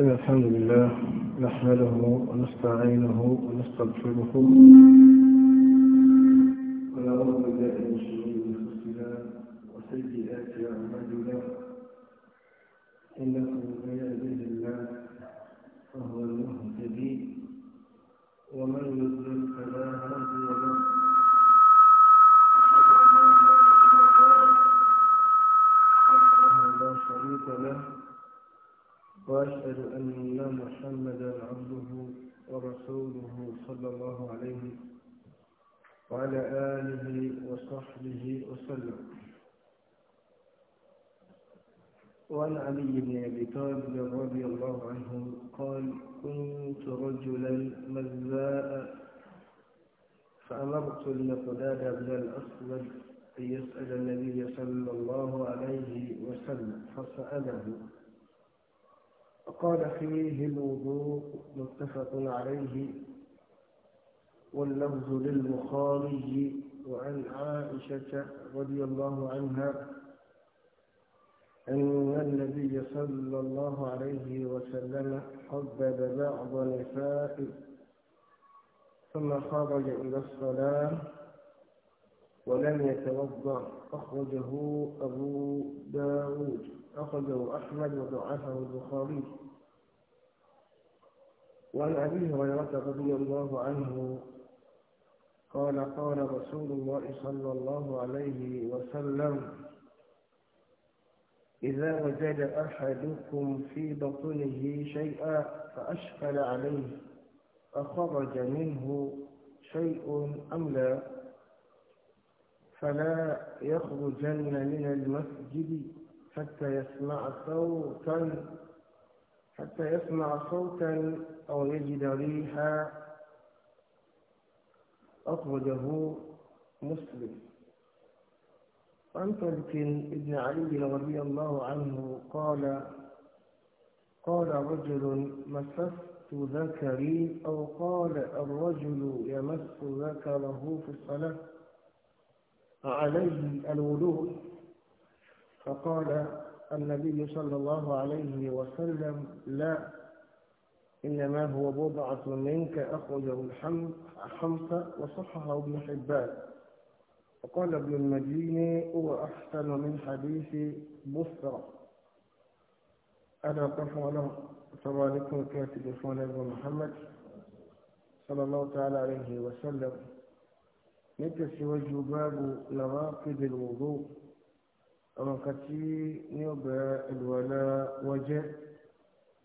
إن الحمد لله نحمده ونستعينه ونستغفره ونعوذ بالله من شرور أنفسنا وسيئات أعمالنا إنه من يهده الله فهو المهتدي ومن يضلل فلا هادي له لا شريك له وأشهد أن محمدا عبده ورسوله صلى الله عليه وعلى آله وصحبه وسلم وعن علي بن أبي طالب رضي الله عنه قال كنت رجلا مزاء فأمرت المقداد بن الأسود أن يسأل النبي صلى الله عليه وسلم فسأله قال فيه الوضوء متفق عليه واللفظ للبخاري وعن عائشة رضي الله عنها أن النبي صلى الله عليه وسلم حبب بعض نسائه ثم خرج إلى الصلاة ولم يتوضأ أخرجه أبو داود أخرجه أحمد وضعفه البخاري وعن أبي هريرة رضي الله عنه قال قال رسول الله صلى الله عليه وسلم إذا وجد أحدكم في بطنه شيئا فأشكل عليه أخرج منه شيء أم لا فلا يخرجن من المسجد حتى يسمع صوتا حتى يسمع صوتا أو يجد ريحا أخرجه مسلم عن طلق بن علي رضي الله عنه قال قال رجل مسست ذكري أو قال الرجل يمس ذكره في الصلاة عليه الولوء فقال النبي صلى الله عليه وسلم لا إنما هو بضعة منك أخرجه الحمق وصححه ابن حبان وقال ابن المديني هو أحسن من حديث بصرة أنا أقف على عليكم كاتب إخوان محمد صلى الله تعالى عليه وسلم نتسوج باب لراقب الوضوء àwọn nǹkan tí ní ọgbà àlùwàlá wọn jẹ́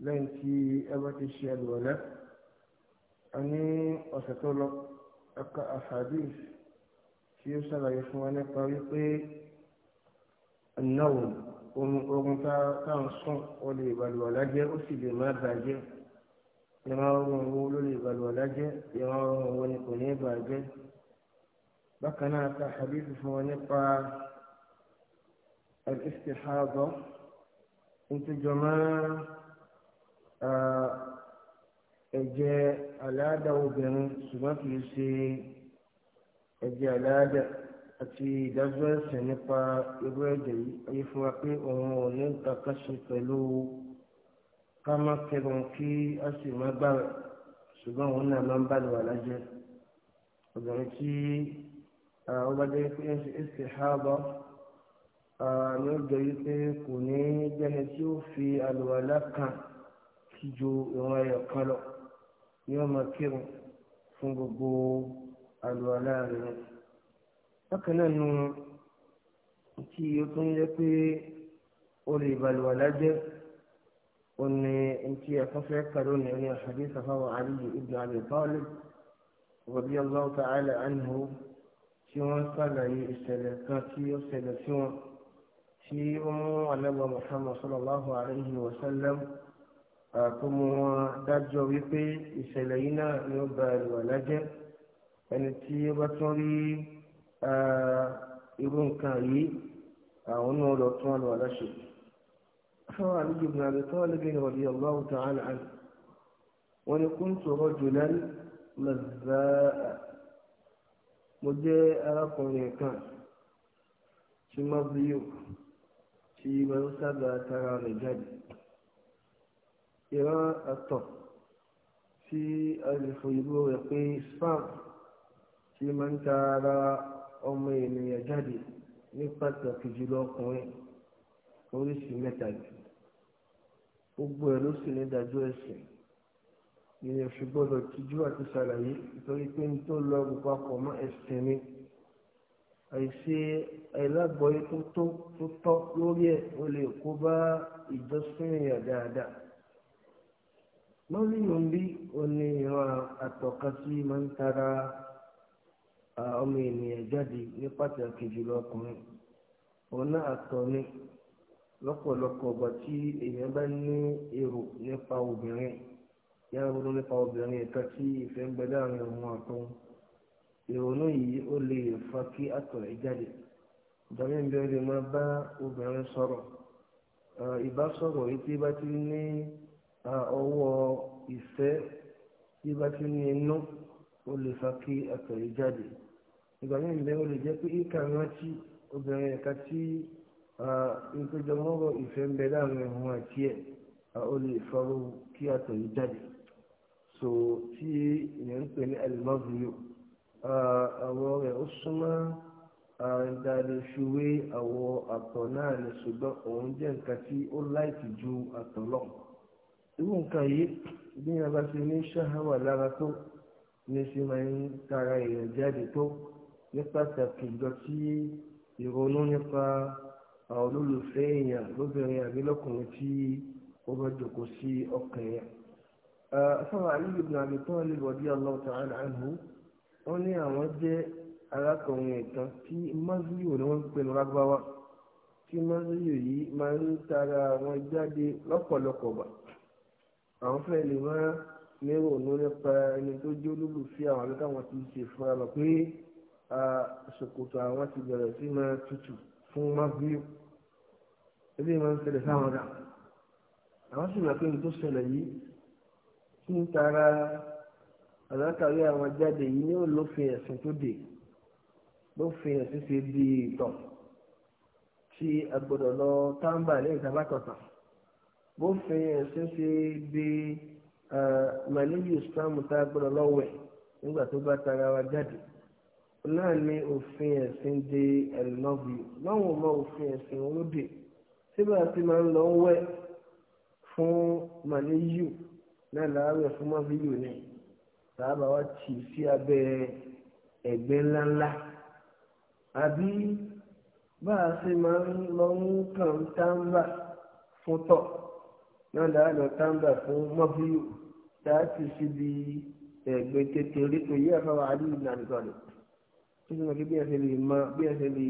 lẹ́yìn tí ẹ bá ti ṣe àlùwàlá a ní ọ̀sẹ̀ tó lọ ẹ̀ka ahadith tí ó ṣàlàyé fún wa nípa wípé náà oorun tá à ń sùn ó lè balùwàlá jẹ́ ó sì lè má bàjẹ́ ìran ọrùn ló lè balùwàlá jẹ́ ìran ọrùn ni kò ní bàjẹ́ bákan náà ta hadith fún wa nípa. الاستحاضة انت جماعة ẹ̀jẹ̀ aláàdá obìnrin ṣùgbọ́n kì í ṣe ẹ̀jẹ̀ aláàdá àti ìdájọ́ ẹ̀sẹ̀ nípa irú ẹ̀jẹ̀ yìí ayé fún wa pé òun ò ní kankan ṣe pẹ̀lú ká má kẹrun kí a sì má gbára ṣùgbọ́n òun náà máa ń bá lùwà lájẹ́ obìnrin tí ó bá jẹ́ pé ẹ̀ṣẹ̀ ẹ̀ṣẹ̀ hábọ̀ ni ó jẹ́ wípé kò ní jẹ́ni tí ó fi àlùwàlá kan kí ju ìwọ̀n ẹyọ kan lọ ni ó máa kírun fún gbogbo àlùwàlá rẹ̀. bákan náà nu tí ó tún yẹ pé ó lè bàlùwàlá jẹ́ ó ní ntí ẹ̀kọ́fẹ́ kàdó ní ẹni àṣàdé sàfáwà àríyé ibn Abi Talib radiyallahu ta'ala anhu tí wọ́n sàlàyé ìṣẹ̀lẹ̀ kan tí ó ṣẹlẹ̀ sí wọn tí ó mú anábọ̀ Muhammad sallallahu alayhi wa sallam tó mú wọn dájọ́ wípé ìṣẹ̀lẹ̀ yìí náà ni ó ba àlùwàlá jẹ́ ẹni tí ó bá tún rí irú nǹkan yìí àwọn náà lọ tún àlùwàlá ṣe. fún àlejò ibn Abi Talib radiyallahu ta'ala anhu wọ́n ní kuntu rajulan mazzaa mo jẹ́ arákùnrin kan tí mo bí yòó tí máa ń sábà tara rẹ̀ jáde ìran àtọ̀ tí a lè fò ìlú rẹ̀ pé spam tí máa ń tara ọmọ ènìyàn jáde ní pàtàkì jùlọ ọkùnrin oríṣìí mẹ́ta jù gbogbo ẹ̀ ló sì ní ìdájọ́ ẹ̀sìn ìyẹn fi gbọ́dọ̀ tijú àti ṣàlàyé nítorí pé ń tó lọ gbogbo akọ̀ mọ́ ẹ̀sìn ni. a ise tó tó tó tọ́ lórí ẹ̀ ó lè kó bá ìjọsìn èèyàn dáadáa. lórí ìrùn bí òní ìran àtọ̀ka máa ń tara ọmọ ènìyàn jáde ní pàtàkì jùlọ ọkùnrin àtọ̀ ni lọ́pọ̀lọpọ̀ ọgbà tí èèyàn bá ní èrò nípa obìnrin yára ronú nípa obìnrin ẹ̀ka tí ìfẹ́ ń gbẹ láàrin òun ìrònú yìí ó lè fa kí àtọ̀rẹ́ jáde ìdàmú ìbẹ̀rẹ̀ máa bá obìnrin sọ̀rọ̀ ìbásọ̀rọ̀ yìí tí bá ti ní ọwọ́ ìfẹ́ tí bá ti ní inú ó lè fa kí àtọ̀rẹ́ jáde ìgbàmí ìbẹ̀rẹ̀ ó lè jẹ́ pé ìka rántí obìnrin ẹ̀ka tí ìpéjọmọ́rọ̀ ìfẹ́ ń bẹ láàrin ẹ̀hún àti ẹ̀ ó lè fọ́rọ̀ kí àtọ̀rẹ́ jáde so tí ìyẹn ń pè ní alimọ́bìnrin àwọn rẹ̀ ó súnmọ́ àrẹ̀dàlẹ̀ ṣòwé àwọ̀ àtọ̀ náà ni ṣùgbọ́n òun jẹ́ nǹkan tí ó láìtì ju àtọ̀ lọ. irú nǹkan yìí bí wọn bá ṣe ní ṣáháwà lára tó ní ṣe máa ń tara èèyàn jáde tó ní pàtàkì ìjọ tí ìrònú nípa olólùfẹ́ èèyàn lóbìnrin àbí lọ́kùnrin tí ó bá jòkó sí ọkàn yẹn. afáwọn Aliyu ibn Abi wọ́n ní àwọn jẹ́ arákùnrin kan tí mọ́sílíò ni wọ́n ń pinnu lágbáwá tí mọ́sílíò yìí máa ń tara wọn jáde lọ́pọ̀lọpọ̀ gbà àwọn fẹ́ẹ́ lè máa níròónú nípa ẹni tó jẹ́ olólùfẹ́ àwọn àbí táwọn ti ṣe fúnra lọ pé ṣòkòtò àwọn ti bẹ̀rẹ̀ sí máa tutù fún mọ́sílíò ebi máa ń ṣẹlẹ̀ sáwọn dà àwọn sì máa pé ní tó ṣẹlẹ̀ yìí tí ń tara àlákàrí àwọn jáde yìí ni ó lófin ẹ̀sìn tó dé lófin ẹ̀sìn ṣe di ìtàn tí a gbọ́dọ̀ lọ táǹbà ní ìtàbátọ̀tà bófin ẹ̀sìn ṣe di màlẹ́yìn ìsìlámù tá a gbọ́dọ̀ lọ wẹ̀ nígbà tó bá tara wa jáde náà ni òfin ẹ̀sìn di I love you láwọn ọmọ òfin ẹ̀sìn olóde síbẹ̀ àti máa ń lọ wẹ̀ fún màlẹ́yìn náà láàárẹ̀ fún mọ́fíyù ni sábà wá tì sí abẹ́ ẹ̀gbẹ́ ńláńlá àbí bá a ṣe máa ń lọ ń kàn táǹbà fún tọ̀ náà dáa lọ táǹbà fún mọ́bíyù tá a ti síbi ẹ̀gbẹ́ kékeré tó yẹ àfáwà àdúgbò náà nìkan ni tó ti mọ̀ bí ẹ ṣe lè mọ bí ẹ ṣe lè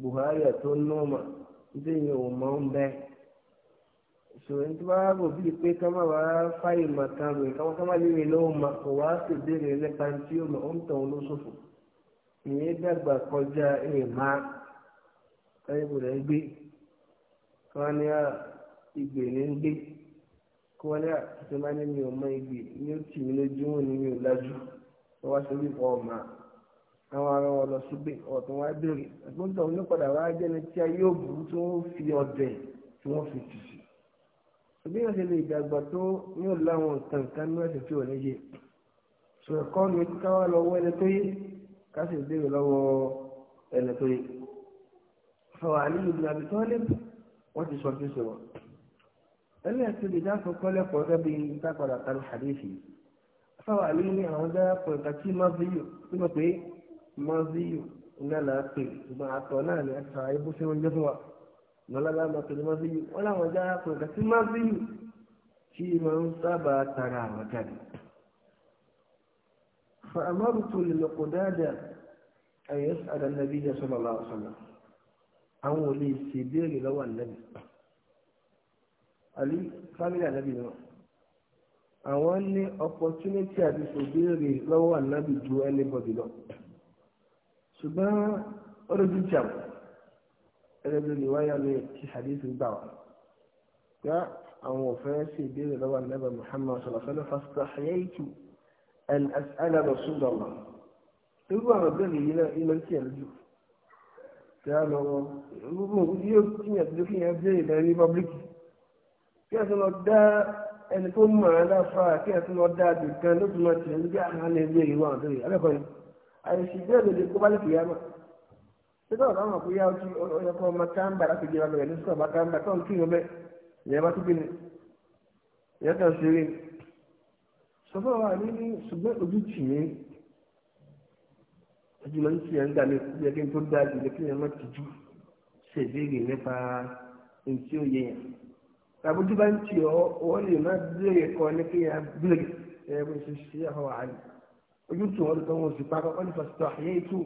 buhari tó nọ́ọ̀mà nítorí ìyẹn ò mọ̀ ń bẹ́ẹ̀ sọ̀rọ̀ ní tí wọ́n á rò bíi pé ká má wàá fáyè màkà rẹ̀ ká wọ́n ká má léèrè lọ́wọ́ ma kò wá sì béèrè nípa tí ó mọ̀ ó ń tàn ó ló ṣòfò ìyẹn dàgbà kọjá ẹ̀ má káyọ̀ kò rẹ̀ gbé kí wọ́n ní ìgbè ní ń gbé kí wọ́n ní àtúntò máa ní mi ò mọ ìgbè ní ó tì mí lójú wọn ni mi ò lajú wọ́n wá sí wípé ọ̀ma àwọn ará wọn lọ sí ọ̀tún wá béèrè ẹ̀gbọ́n tó wá jẹ́ni tí a yóò burú tí wọ́n fi ọ̀bẹ tí wọ́n fi tì sí bí wọ́n ṣe lè dàgbà tó yóò láwọn nǹkan kan ní ẹ̀sìn tí ò ní yé sọ̀rọ̀ kọ́ mi káwá lọ wọ́ ẹni tó yé ká sì béèrè lọ́wọ́ ẹni tó yé. fọwọ́ àlejò ìgbìmọ̀ àbí tọ́lẹ̀ wọ́n ti sọ fún ṣe wọ́n. ẹlẹ́ẹ̀kì lè dáàbò kọ́lẹ̀ pọ̀ gẹ́bí ìtàkọ̀dà kan hadithi. fọwọ́ àlejò ní àwọn dáàbò ìka tí máa fi yù tí pé máa fi yù lọ́lábàá máa pè ní mọ́síyù wọ́n láwọn já pẹ̀lú kàtí mọ́síyù tí tara àwọn jáde. fàmọ́rù tó lè lọ́kọ̀ dáadáa àyẹ̀s àdánàbí yẹn sọ́nà lọ́wọ́ sọ́nà àwọn ò lè ṣe béèrè lọ́wọ́ ànábì. opportunity àti ṣòbéèrè lọ́wọ́ ànábì ju anybody lọ. ṣùgbọ́n ẹgbẹ́ lórí wáyà lóye tí hadith gbà wá yá àwọn òfin sì ìbéèrè lọ́wọ́ nẹ́bà muhammad sọ̀rọ̀sọ́lẹ̀ fásitì àyẹ́yìtù ẹn ẹ̀sán àlọ́sùdọ̀lọ́ irú àwọn ìbéèrè yìí náà ilé tí ẹ̀ lójú yá lọ gbogbo yóò kíyàn tó kíyàn béèrè lẹ́rí pọ́blíkì kí ẹ̀ tó lọ dá ẹni tó mọ̀ ẹ́ láfa kí ẹ̀ tó lọ dá àgbè kan ló tún máa tẹ̀ ẹ́ níbi àwọn ẹgbẹ́ àdúrà síbẹ̀ ọ̀rọ̀ àwọn àkúyà ọtí ọkọ̀ ọmọ táǹbà láti gbé ọmọ rẹ̀ ní sọ̀rọ̀ táǹbà tó ń kí ọmọ ìyẹn bá tún gbé ni ìyẹn kan ṣeré sọfọ́ wa ní ṣùgbọ́n ojú tì mí ojú lọ sí ẹ̀ ń dàmí kúbi ẹgbẹ́ tó dáa jù lẹ́kí ẹ̀ má tìjú ṣe ìbéèrè nípa ntí òye yẹn àbójú bá ń tì ọ́ wọ́n lè má béèrè kọ́ ní kí ẹ̀ béèrè ẹ̀ bó ṣe ṣe àwọn àlè ojú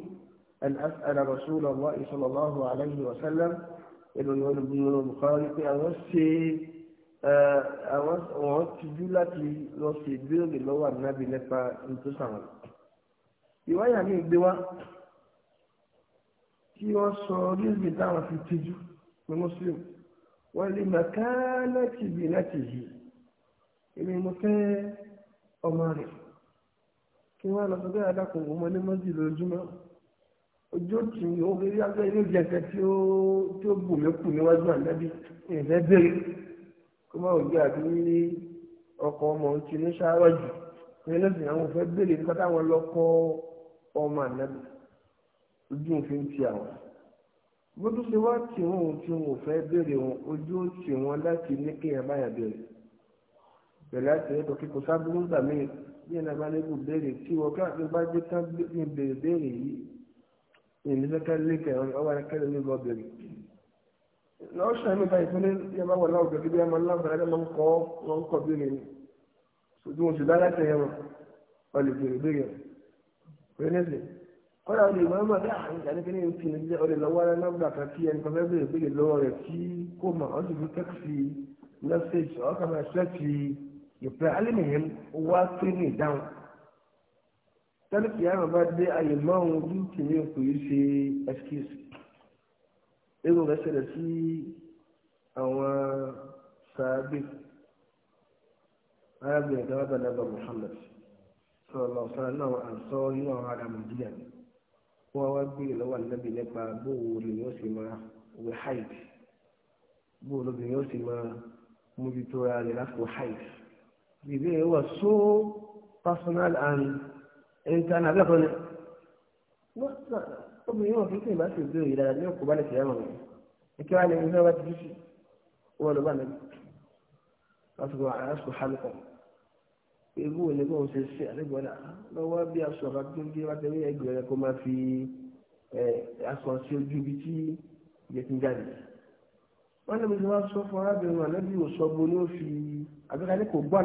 أن أسأل رسول الله صلى الله عليه وسلم إنه يقول ابن البخاري أوسي àwọn tijú láti lọ sí ìbéèrè lọ́wọ́ ànábì nípa ìtòsàwọn. ìwáyà mi gbé wá tí wọ́n sọ rízìn táwọn fi tijú ní muslim wọ́n lè màkà láti bì láti yìí èmi mo fẹ́ ọmọ rẹ̀ kí wọ́n lọ sọ pé adákùnrin ọmọ ní mọ́jì lójúmọ́ ojú tí ó fi rí abẹ́ ilé ìjẹsẹ̀ tí ó tí ó bù mí kù níwájú ànábì ìfẹ́ bèrè kó má òjò àti ní ọkọ̀ ọmọ ti ní ṣáájú ìyẹn lọ́sìn àwọn òfẹ́ bèrè nípa táwọn lọ́kọ́ ọmọ ànábì ojú òfin ti àwọn bó tó ṣe wá tí wọn ò tí wọn ò fẹ́ bèrè wọn ojú ó tì wọn láti ní kéèyàn báyà bèrè pẹ̀lú àti ẹ̀kọ́ kíkọ sábúrú gbà mí bí ẹ̀ náà bá tí wọn káàkiri bá gbé tán bèrè bèrè yìí ìlúfẹ́kẹ́ lékè ọwọ́ akẹ́lẹ́ ní gọ́bìrì lọ́wọ́ sàmì báyìí fún yẹn bá wà láwùjọ kí bí ẹ máa ń láwùjọ ẹ máa ń kọ́ wọn kọ́ bí rìn sojú wọn sì dá láti ẹ̀ wọn wọn lè bèrè bèrè rẹ lẹ́sẹ̀ kọ́lá olè máa ń máa bí àwọn ìjà nípa ní ti ní olè lọ́wọ́ ara láwùjọ kan kí ẹni kan bèrè bèrè lọ́wọ́ rẹ̀ tí kò mọ̀ ọ́n sì fi tẹ́kisì mẹ́sẹ̀gì ọ̀ọ́kà máa ṣẹ́ẹ̀tì ìpẹ́ alẹ́ nìyẹn wá pé ní ìdáhùn tẹ́lẹ̀ kìí àmà bá dé ayé márùn ojú tèmi kò yí ṣe excuse eégún rẹ̀ ṣẹlẹ̀ sí àwọn sàábì arábìnrin kan bá dàgbà Muhammad sọlọ sọlọ náà àwọn àǹsọ inú àwọn ará Nàìjíríà ni wọn wá gbé lọ́wọ́ ànábì nípa bóòwò lèyìn ó sì máa wẹ haid bóòwò lóbìnrin ó sì máa mójútó ara rẹ̀ lásìkò haid ìbéèrè wà so personal and nǹkan náà bẹ́ẹ̀ kọ́ ni obìnrin wọn kìí sèǹbà sí ìbéèrè dára ní òkú bá lè fìyàwó rẹ̀ ìkí wá ní ìfẹ́ wá ti dí sí wọn ló bá mi lásìkò àyàsùkò hàlùkọ ewu ò ní kó o ṣe ṣe àlejò náà lọ́wọ́ bí aṣọ àkàtúndé wá tẹ̀lé ẹgbẹ̀rún rẹ kó máa fi aṣọ sí ojú ibi tí ìyẹn ti ń jáde wọ́n ní bíi sọ fún arábìnrin ànábì òṣogbo ni ó fi àbíkalẹ̀ kò gbọ́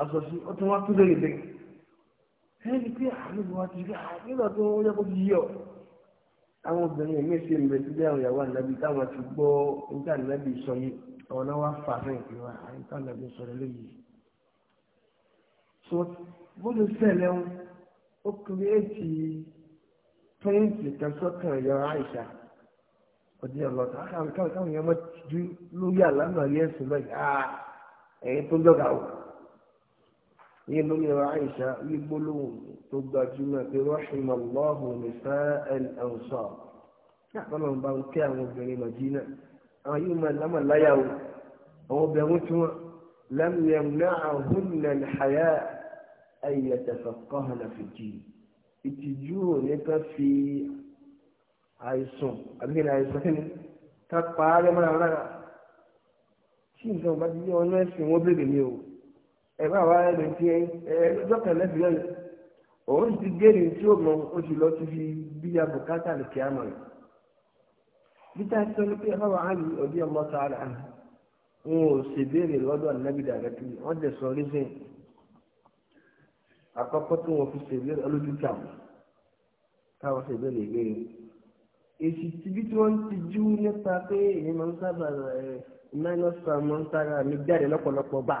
aṣọ sí ó tún wá tún lè lè ẹni pé àlùbọ̀ wa ti rí nígbà tó yẹ kó yí ọ àwọn obìnrin ẹ̀mí ṣe ń bẹ sílé àwọn ìyàwó ànábì táwọn ti gbọ́ nígbà ànábì sọ yìí àwọn náà wá fà fẹ́ ìpè wa àyíká ànábì sọ̀rọ̀ lóyìí so bó ló ṣẹlẹ̀ ń ó kiri èjì pẹ́ǹtì kan sọ́kàn ìyá àìsà ọdí ọlọ́ta káwọn káwọn yẹn mọ́ ti dú lórí àlámọ̀ rí ẹ̀sùn lọ́yìí ah, níbo ni Aisha wí gbólóhùn tó gbajúmọ̀ pé rahimallahu nisa'al ansar káàkiri ọ̀nà bá ń kẹ́ àwọn obìnrin Madina àwọn yìí máa lámà láyàwó àwọn obìnrin tí wọ́n lam yamna'ahunna al-haya ay yatafaqqahna fi din ìtìjú ò ní ká fi àìsàn àbí àìsàn ní ká pa á lẹ́mọ́ra rárá tí nǹkan bá ti yẹ ọ ẹ máa wá ẹnu tí ẹ ẹjọ́ kan lẹ́sìn lẹ́nu òun ti géèrè tí ó mọ oṣù lọ ti fi bíyà bùkátà lè kí á mọ̀ ní. bíta ẹ sọ pé ọba àlù ọdí ọmọ sáárà wọn ò ṣèbéèrè lọ́dọ̀ ànábì dàgẹ́tì wọ́n dẹ̀ sọ rí sìn àkọ́kọ́ tí wọ́n fi ṣèbéèrè ọlójútà káwọn ṣèbéèrè ìbéèrè èsì tìbí tí wọ́n ti jú nípa pé èyí máa ń sábà ẹ̀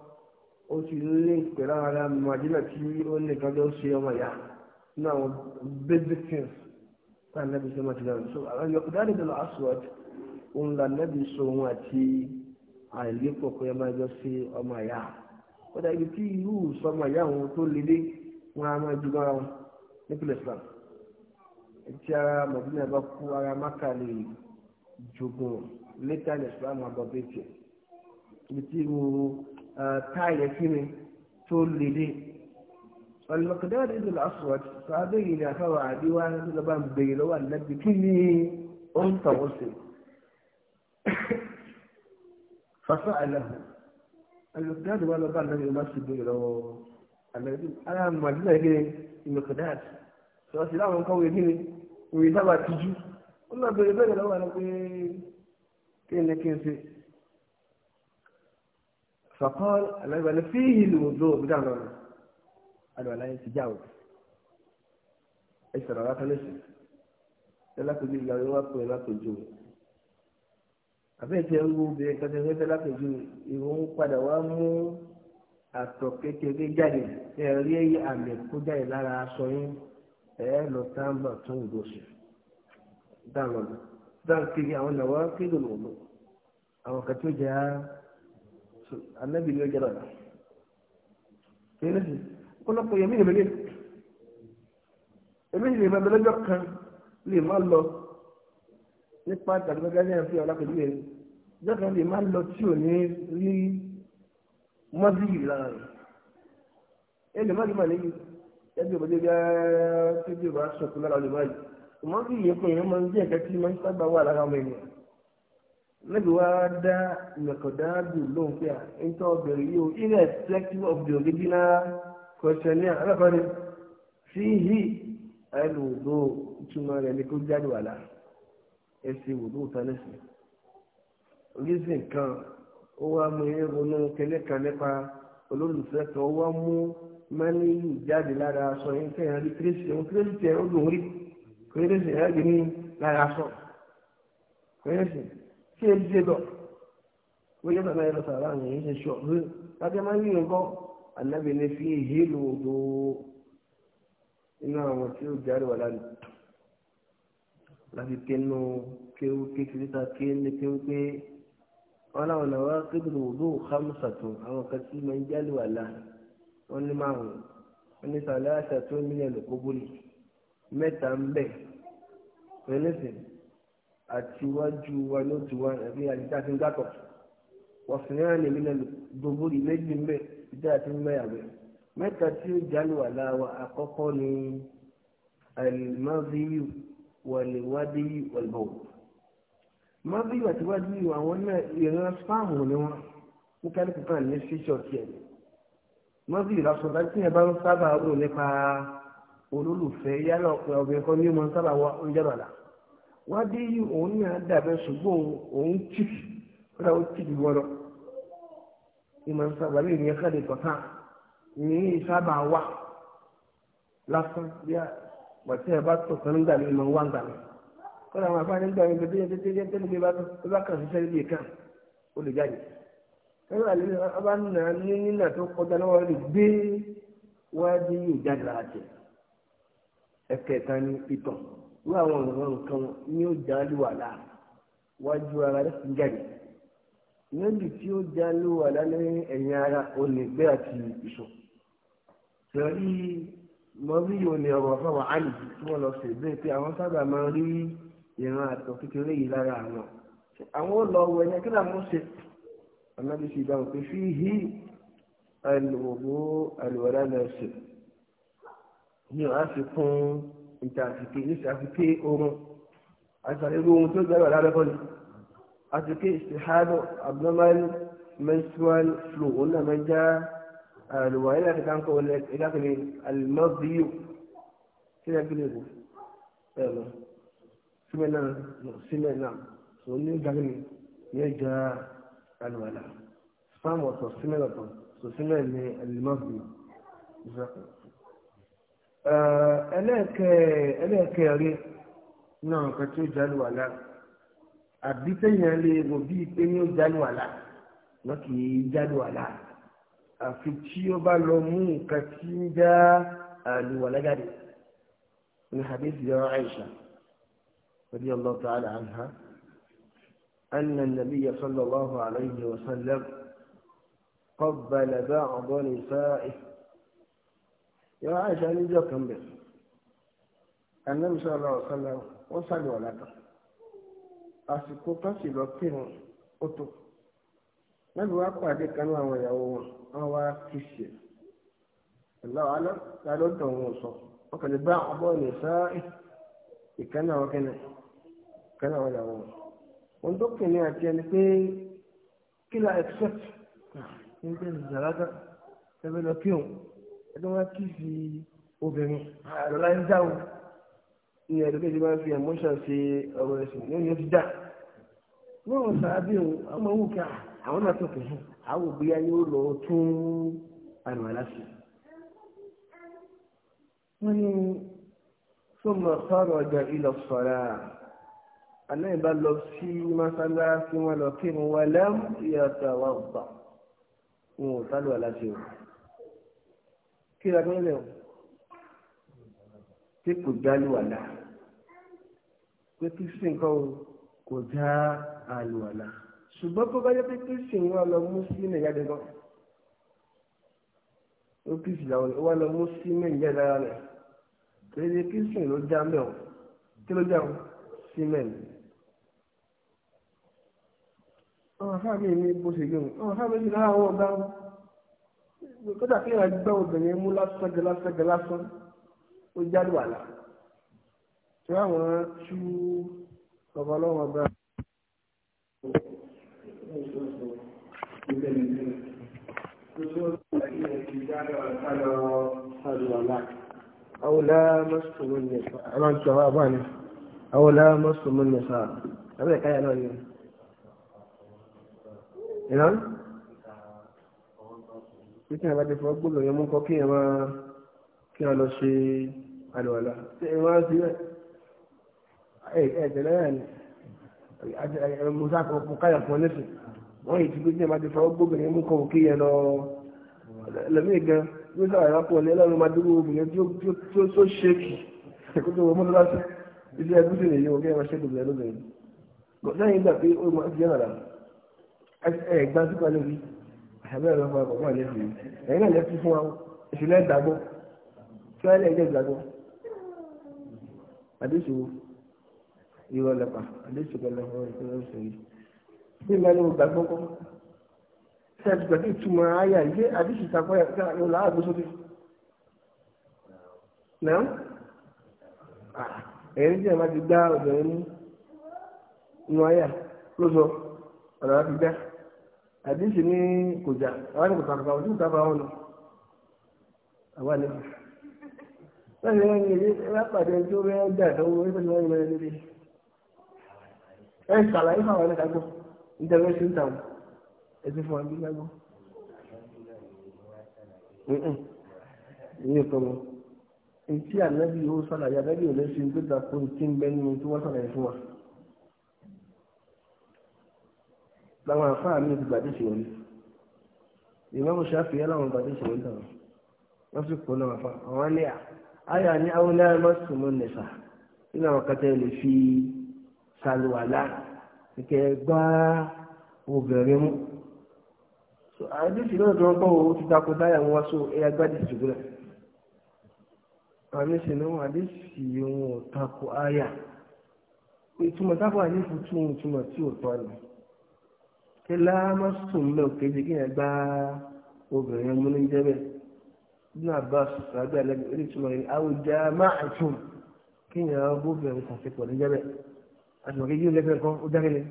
ó ti lé pẹ̀lú àwọn ará màdínà tí ó ní nǹkan tó ṣe ọmọ ìyá nínú àwọn basic things tá à ń lẹ́bi sọ́mọ́ ti lọ́rùn so àwọn yọkùn dáadé tó lọ aswad òun là lẹ́bi sọ òun àti àìlépọ̀ pé ọmọ ẹjọ́ sí ọmọ ìyá ó dà ibi tí irú sọmọ ìyá òun tó lé dé wọn á máa jùlọ wọn nípìnlẹ̀ islam tí ara màdínà bá kú ara máka lè jogun létà ní islam àbọ̀bẹ̀tì ibi tí irú táyà kíni tó lédè al-Miqdad ibn al-Aswad sáábẹ̀ yìí ni àfáwà àdíwá tó lọ́ba ń bèèrè lọ́wọ́ ànábì kí ni ó ń tọ̀wọ́ sí fasa alahu al-Miqdad wà lọ́ba ànábì ló bá sì bèèrè lọ́wọ́ ànábì ara màdínà yìí ni al-Miqdad sí láwọn nǹkan wòye kíni wòye dábàá tijú ó lọ bèèrè bẹ́ẹ̀ lọ́wọ́ àná kí ni kí n ṣe. فقال النبي قال فيه الوضوء بتاع لونه قال ولا يتجاوز ايش ترى لا تنسى لا تجيب لا يوقف ولا تجيب àbẹ́ẹ̀tẹ̀ ń wo obìnrin kan tẹ́lẹ̀ fẹ́ lápẹ̀jù ìwọ̀n padà wá mú àtọ̀ kékeré jáde ẹ rí àmì kó jáde lára aṣọ yín ẹ lọ tábà tún ìgò sí dáhùn dáhùn kiri àwọn ìnáwó kéde lòlò àwọn kan tó jẹ́ á ànábì ni ó jẹ́ lọ́la èyí lẹ́sìn ọ̀pọ̀lọpọ̀ yẹn mí lè mẹ́lẹ́ èmi lè máa lọ́jọ́ kan lè má lọ nípa tàbí gbẹ́gbẹ́ ní ẹ̀fíà ọ̀làpẹ̀lú yẹn ọjọ́ kan lè má lọ tí ò ní rí mọ́bílì lára rẹ̀ ẹ lè má lè má léyìí ẹbí òbí bíi ẹ́ẹ́ tí bí o bá sọ̀tún lára olè báyìí mọ́bílì níbi wá dá mẹ̀kọ̀dáàdù lóhùn pé à ń tọ́ bẹ̀rẹ̀ yìí o irrespective of the original questionnaire alákọ̀ọ́ni sí hì ẹlòdò ìtumọ̀ rẹ̀ ni kó jáde wà lá ẹsẹ̀ wò lóòótọ́ lẹ́sìn oríṣi nǹkan ó wá mú eré ronú kẹlẹ́kan nípa olólùfẹ́ kan ó wá mú mẹ́lìlì jáde lára aṣọ yẹn kẹ́yìn rí kérésì ẹ̀hún kérésì ẹ̀hún lòún rí kérésì ṣé ẹ ṣe lọ wọ́n yẹ bàbá yẹn lọ sàrà àwọn èèyàn ṣe ṣọ pé lábẹ́ máa ń yí nǹkan ànábì ní fi èyí lò ó inú àwọn tí ó járe wà lánàá láti kéwú kéwú kékeré ta ké ní kéwú pé wọn làwọn náà wá kébìlì wòlò hamsa tó àwọn kan tí máa ń jáde wà lánàá wọn ní márùn wọn ní sàlẹ́ àṣà tó ń mílíọ̀nù kóbólì mẹ́ta ń bẹ̀ pẹ̀lú àti iwájú wa ló ti wá ẹbí àyíká ti ń gàtọ̀ wọ́n sì ní àná ìmìnà gbogbo ìlẹ́gbẹ̀ẹ́ mbẹ́ ìdá àti mbẹ́yàwẹ́ mẹ́ta tí ó jálu àláwa àkọ́kọ́ ni alimadiyu wàlíwádìí wàlíbọ̀wò madiyu àti wádìí àwọn náà ìran spáàmù ni wọ́n ní kálíkù kan ní ṣíṣọ́ tiẹ̀ madiyu lásán láti ẹ̀ bá ń sábà rò nípa olólùfẹ́ yálà ọ̀pẹ ọ̀bẹ kan ní wọ́n dé yí òun náà dàbẹ́ ṣùgbọ́n òun tì kódà ó tì wọ́rọ́ ìmọ̀ sábàlì ìyẹn ká lè tọ̀tà ní ìsábà wà lásán bí a wàtí ẹ bá tọ̀tà nígbà mi ìmọ̀ wà gbà mí kódà àwọn afáàní nígbà mi bẹ́tẹ́ yẹn tẹ́tẹ́ níbi bá tó bá kà síṣẹ́ níbi kan ó lè jáde ẹgbẹ́ àlè ọba nà ní nínà tó kọjá lọ́wọ́ rẹ̀ gbé wáyé yóò jáde lára jẹ ní ìtàn irú àwọn ọ̀rọ̀ nǹkan ni ó já lù wà láà wájú ara rẹ̀ sì jáde níbi tí ó já lù wà lálẹ́ ẹ̀yìn ara onígbé àti ìṣò sọ̀rí mọ́bí òní ọ̀rọ̀ fáwọn àlè tí wọ́n lọ sí ìbéèrè pé àwọn sábà máa ń rí ìran àtọ̀ kékeré yìí lára àwọn àwọn ò lọ wọ ẹni kí làwọn ṣe ànábi sì dáhùn pé fi hí àlùwòbó àlùwàlá náà ṣe ni wàá fi kún un níta àtìké níta àtìké oorun àtàrí irú ohun tó gbàgbà lárẹ́kọ́ ni àtìké ìṣèhádọ́ abnormal menstrual flow òun náà máa ń já àlùwà ilé àti káńkọ́ ọ̀lẹ́ ìdákẹ́lẹ́ alimọ́bíyò kí ni a kí ni èkó ẹ̀ lọ síbẹ̀ náà síbẹ̀ náà òun ní ìdákẹ́ yẹ já àlùwà náà spam ọ̀tọ̀ síbẹ̀ ọ̀tọ̀ sòsíbẹ̀ ni alimọ́bíyò Eh, ẹlẹ́ẹ̀kẹ́ẹ̀rẹ́ náà nǹkan tí ó jáde wà lára àbí sẹ́yìn lè wò bíi pé ní ó jáde wà lára wọ́n kì í jáde wà lára àfi tí ó bá lọ mú nǹkan tí ń já àlùwàlá jáde ní hadith yọrọ Aisha radiyallahu ta'ala anha anna nabiyya sallallahu alayhi wa sallam qabbala ba'da nisaa'ihi yọ àìsà níjọ́ kan bẹ̀ Ànábì sallallahu alaihi wasallam wọ́n sàlẹ̀ ọ̀la kan àsìkò kan sì lọ kírun ó tó lẹ́nu wá pàdé kanú àwọn ìyàwó wọn wọ́n wá kìsì ẹ̀lá alẹ́ lálọ́ dùn wọn sọ wọ́n kàn lè bá àwọn bọ́ọ̀lù sáà ìkànnà àwọn kẹ́nẹ̀ ìkànnà àwọn ìyàwó wọn wọn tó kìíní àti ẹni pé kí la accept ẹgbẹ́ ìzàlágà ẹgbẹ́ lọ kí òun ẹni wọn kì í fi obìnrin àlọ́lá ń dá o ní ẹ̀dọ́gbẹ́ ti máa fi emotion ṣe ọ̀rọ̀ ẹ̀sìn ní oníyẹn ti dá wọn sàbí o ọmọ òwú ká àwọn náà tó kẹ̀ hàn àwọn òbí yá yóò lọ tún àrùn aláṣẹ. wọ́n ní sọ́mọ̀ sọ́rọ̀ ọjà ilẹ̀ sọ̀rọ̀ aláìbá lọ sí mọ́sálásí wọn lọ kí wọn wà lẹ́mú ìyàtọ̀ àwọn ọ̀gbà wọn ò sálù aláṣẹ wọn kí ló dún lẹ o tí kò dálúwàlà pé kí sí nǹkan o kò dá àlùwàlà ṣùgbọ́n tó bá yẹ pé kí sì ń wá lọ mú sí nàìjíríà dandan ó kí sì làwọn ó wá lọ mú sí nàìjíríà dára rẹ kí ló kí sì ló dá mẹ o kí ló dá o sí mẹ́rin. ọ̀hán mi ní bó ṣe gbé wọn ọ̀hán mi ní láwọn ọ̀gá wọn kódà kí èèyàn gbẹ́ obìnrin mú lásán gẹ lásán gẹ lásán ó jáde wàhálà tí àwọn tú bàbá ọlọ́run ọba. Àwòlá mọ́sùlùmí nìsa. Àwọn àti àwọn àbá ni. Àwòlá mọ́sùlùmí nìsa. Àbẹ̀ká yà náà ni. Ìlànà pé tí àbájá fún ọgbọ́dọ̀ yẹn mú kọ́ kí ẹ máa kí a lọ ṣe àlùwàlà tí ẹ máa ṣe ẹ ẹ tẹ̀lé yà ni musa kọ fún káyà fún ẹlẹ́sìn wọ́n yìí ti pé tí àbájá fún ọgbọ́dọ̀ yẹn mú kọ́ kí ẹ lọ lẹ́mí gan ní sábà yà pọ̀ lẹ́yìn lọ́rùn máa dúró obìnrin tí ó tó ṣéèkì kó tó wọ mọ́tò lásán iṣẹ́ ẹgbẹ́sẹ̀ lè yẹ wọ́n kí ẹ máa ṣe gbogbo ẹ lóbìnrin lẹ́yìn ìgbà pé ó máa ti yẹn nàdà ẹgbẹ́ sípàlẹ́ bíi àbẹ́rẹ́ lọ́wọ́ ẹ̀kọ́ wà lẹ́sìn yìí ẹ̀yin náà lẹ́sìn fún wa ìṣẹ̀lẹ̀ ìdàgbọ́ tí wọ́n lé ẹ̀jẹ̀ ìdàgbọ́ àdéṣòwò ìrọ̀ lẹ́pà àdéṣòwò lẹ́pà ìṣẹ̀lẹ̀ ìṣẹ̀lẹ̀ bí ìgbà ni mo gbàgbọ́ kọ́ sẹ́ẹ̀tì pẹ̀lú ìtumọ̀ ayà yìí àdéṣì ìtàkọ́ yà ló là á gbé sókè náà ẹ̀yin tí a máa ti gbá obìnrin nínú ayà ló sọ ọ̀rọ̀ á ti gbá àdíṣe ní kòjà àwọn ní kòtàkùtà ojú ìta fara wọn lọ àwọn àlejò láti wọn ní lápàdé tí ó bẹ́ẹ̀ dà ìdánwò orí pẹ̀lú wọn ìmọ̀lẹ́ nílé ẹ ṣàlàyé fáwọn ní kágbó nítorí ẹ ṣe ń tàwọn ẹ ti fún wọn bí kágbó. ìyẹn tó wọn èyí ànábì ó ṣàlàyé ànábì ò lè ṣe ń gbé ta ní kí ń bẹ́ nínú tí wọ́n ṣàlàyé fún wa. làwọn àfáà mi ti gbàdé ṣe wọlé ìmọ̀mù ṣàfihàn làwọn gbàdé ṣe wọlé náà wọ́n sì kó náà fa àwọn ní à áyà ní awolẹ́ mọ́sùmọ́ nìfà nínú àwọn kẹtẹ lè fi ṣàlùwàlá kẹkẹ gbá obìnrin mú àdìsí náà tó ń kọ́ owó ti takò táyà wọn wá só ẹ̀yà gbádìí ṣùgbọ́n àmì sì ni wọn àdìsí wọn ò takò áyà ìtumọ̀ tábà ní fún túmọ̀ tí ò tọ́ ni ṣé láàmásùn lọ kejì kí yẹn gbá obìnrin mú ní jẹ́bẹ̀ ibn abbas rabi alabi orí ìtumọ̀ yìí àwùjá máa tún kí yẹn gbóbìnrin kàṣepọ̀ ní jẹ́bẹ̀ àtùmọ̀ kejì yóò lẹ́fẹ̀ẹ́ kan ó dákẹ́lẹ́